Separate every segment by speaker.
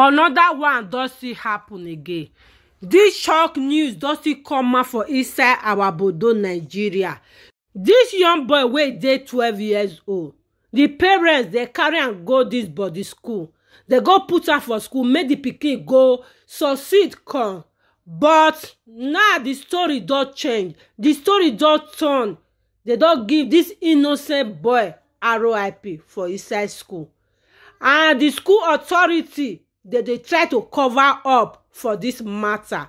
Speaker 1: another one does still happen again This shock news does still come out for inside our bodo nigeria This young boy wey dey twelve years old The parents they carry and go this body school dem go put her for school make di pikin go succeed come but now di story don change di story don turn dem don give dis innocent boy roip for inside school and di school authority dem dey try to cover up for dis matter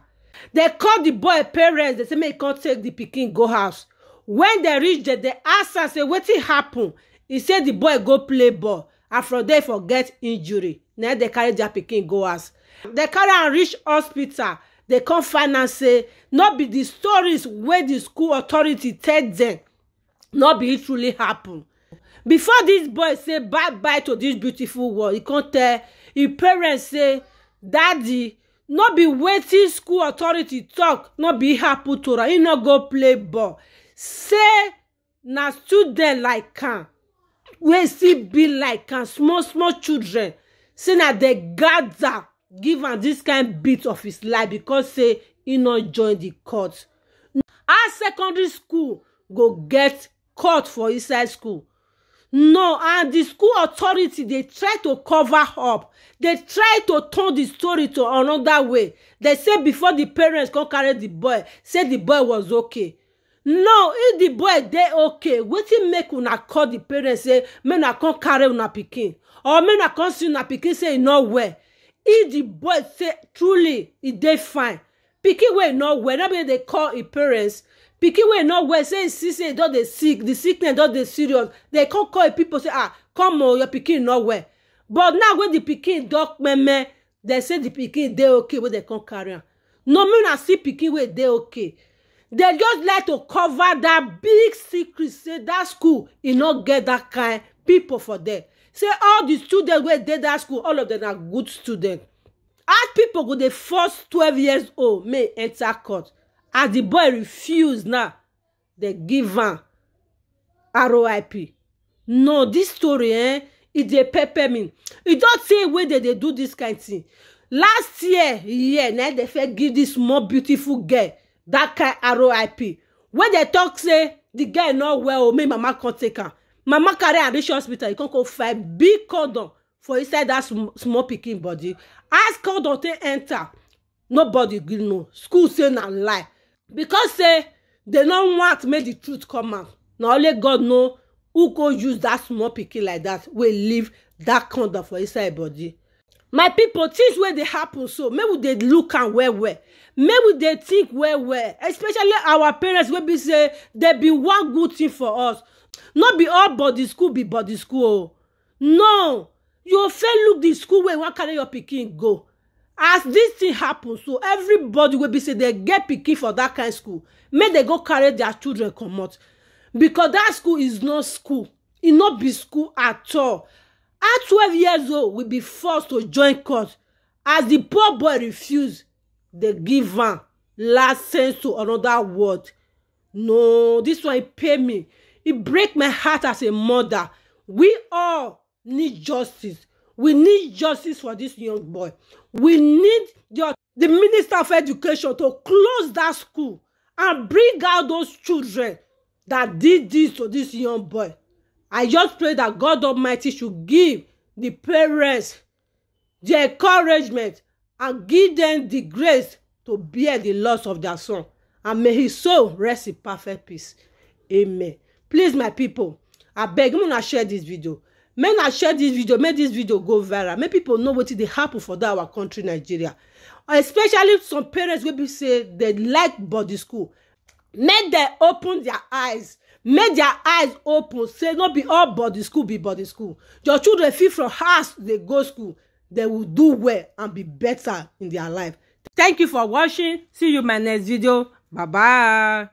Speaker 1: dem call di boy parents dey say make e come take di pikin go house wen dem reach dem dey ask am say wetin happen e say di boy go play ball aphrodite for get injury na dem carry their pikin go house dem carry am reach hospital dem come find out say no be the stories wey the school authority tell dem no be it truly happen before this boy say bye bye to this beautiful world he come tell him parents say daddy no be wetin school authority talk no be happen to am he no go play ball say na student like am wey still be like am small small children say na dem gather give am dis kind bit of his life because say he no join the court how secondary school go get court for inside school no and the school authority dey try to cover up dey try to turn the story to another way dey say before the parents come carry the boy say the boy was okay now if the boy dey okay wetin make una call the parents say make una come carry una pikin or make una come see una pikin say e no well if the boy say truly e dey fine pikin wey e no well na be dey call e parents pikin wey e no well say e see say e don dey sick the sickness don dey serious dey come call e people say ah come on oh, your pikin no well but now wey the pikin don meme dem say the pikin dey okay wey dem come carry am no make una see pikin wey dey okay They just like to cover that big secret say that school e no get that kind people for there say all the students wey dey that school all of them na good students as people go dey force twelve years old may e enter court as the boy refuse now they give am roip no this story eh e dey pepper me e don tey wey dem dey do dis kain thing. last year year na dem first give this small beautiful girl That kind RIP. When dey talk say the guy no well o oh, make mama come take am mama carry am reach hospital e come go find big condom for inside that sm small pikin body as condom take enter nobody gree know school say na lie because say they no want make the truth come out na only god know who go use that small pikin like that wey leave that condom for inside body my people, things wey dey happen so make we dey look am well well make we dey think well well especially our parents wey be say dey be one good thing for us no be all body school be body school o oh. no you fit look the school wey you wan carry your pikin go as this thing happen so everybody wey be say dey get pikin for that kind school make dey go carry their children comot because that school is not school e no be school at all at twelve years old we be forced to join court as the poor boy refuse dey give am last sense to another world no this one e pain me e break my heart as a mother we all need justice we need justice for this young boy we need your the minister of education to close that school and bring out those children that did this to this young boy I just pray that God Almighty should give the parents the encouragement and give them the grace to bear the loss of their son. And may his soul rest in perfect peace. Amen. Please, my people, I beg you to share this video. May I share this video, May this video go viral. May people know what they happen for that our country, Nigeria. Especially some parents will be say they like body school. May they open their eyes make their eyes open say no be all body school be body school your children fit from house dey go school they will do well and be better in their life thank you for watching see you my next video bye bye